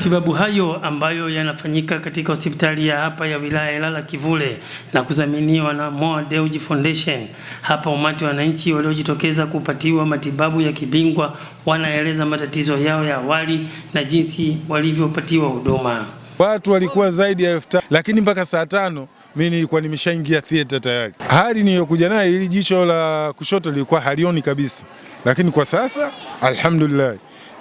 Matibabu hayo ambayo yanafanyika katika hospitali ya hapa ya wilaya ya Ilala Kivule na kudhaminiwa na Moa Dewji Foundation. Hapa umati wa wananchi waliojitokeza kupatiwa matibabu ya kibingwa wanaeleza matatizo yao ya awali na jinsi walivyopatiwa huduma. Watu walikuwa zaidi ya elfu lakini mpaka saa tano mimi nilikuwa nimeshaingia theater tayari. Hali niliyokuja naye ili jicho la kushoto lilikuwa halioni kabisa, lakini kwa sasa alhamdulillah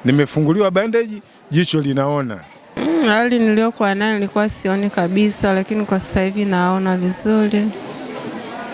nimefunguliwa bandage, jicho linaona. Mm, hali niliyokuwa nayo nilikuwa sioni kabisa, lakini kwa sasa hivi naona vizuri.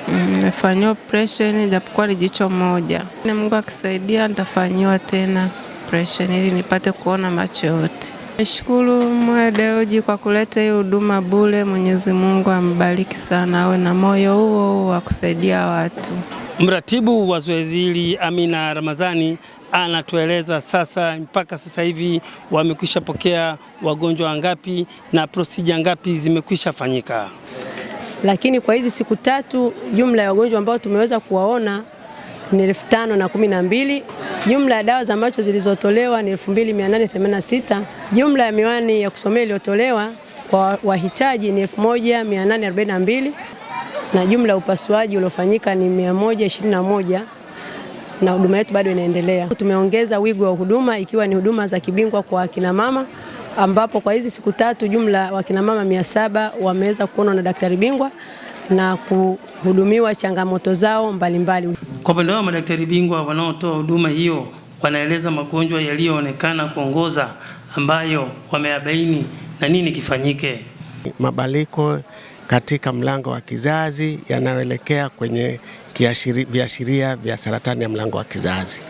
Mm, nimefanyiwa operesheni japokuwa ni jicho moja. Mungu akisaidia nitafanyiwa tena operesheni ili nipate kuona macho yote. Nashukuru Mwedeoji kwa kuleta hii huduma bure. Mwenyezi Mungu ambariki sana, awe na moyo huo wa kusaidia watu. Mratibu wa zoezi hili Amina Ramadhani anatueleza sasa mpaka sasa hivi wamekwisha pokea wagonjwa wangapi na prosija ngapi zimekwisha fanyika. Lakini kwa hizi siku tatu, jumla ya wagonjwa ambao tumeweza kuwaona ni elfu tano na kumi na mbili. Jumla ya dawa za macho zilizotolewa ni 2886. Jumla ya miwani ya kusomea iliyotolewa kwa wahitaji ni 1842 na jumla ya upasuaji uliofanyika ni 121 na huduma yetu bado inaendelea. Tumeongeza wigo wa huduma ikiwa ni huduma za kibingwa kwa mama ambapo kwa hizi siku tatu jumla wakinamama mia saba wameweza kuonwa na daktari bingwa na kuhudumiwa changamoto zao mbalimbali Kwa upande wao madaktari bingwa wanaotoa huduma hiyo wanaeleza magonjwa yaliyoonekana kuongoza ambayo wameyabaini na nini kifanyike. Mabaliko katika mlango wa kizazi yanayoelekea kwenye viashiria vya saratani ya mlango wa kizazi.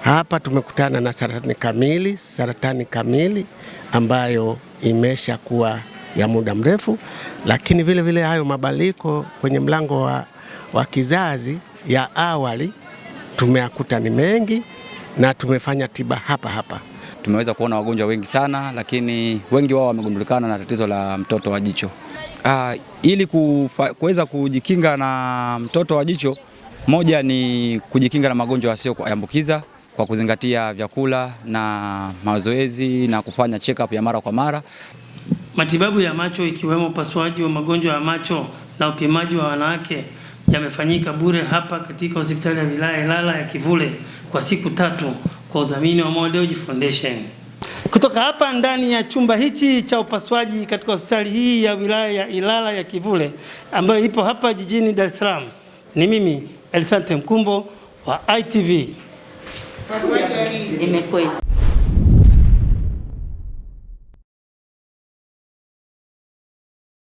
Hapa tumekutana na saratani kamili, saratani kamili ambayo imesha kuwa ya muda mrefu, lakini vile vile hayo mabadiliko kwenye mlango wa, wa kizazi ya awali tumeakuta ni mengi na tumefanya tiba hapa hapa. Tumeweza kuona wagonjwa wengi sana, lakini wengi wao wamegundulikana na tatizo la mtoto wa jicho. Uh, ili kuweza kujikinga na mtoto wa jicho, moja ni kujikinga na magonjwa yasiyoambukiza kwa kuzingatia vyakula na mazoezi na kufanya check up ya mara kwa mara. Matibabu ya macho ikiwemo upasuaji wa magonjwa ya macho na upimaji wa wanawake yamefanyika bure hapa katika hospitali ya wilaya Ilala ya Kivule kwa siku tatu kwa udhamini wa Mwadeuji Foundation. Kutoka hapa ndani ya chumba hichi cha upasuaji katika hospitali hii ya wilaya ya Ilala ya Kivule ambayo ipo hapa jijini Dar es Salaam, ni mimi Elisante Mkumbo wa ITV.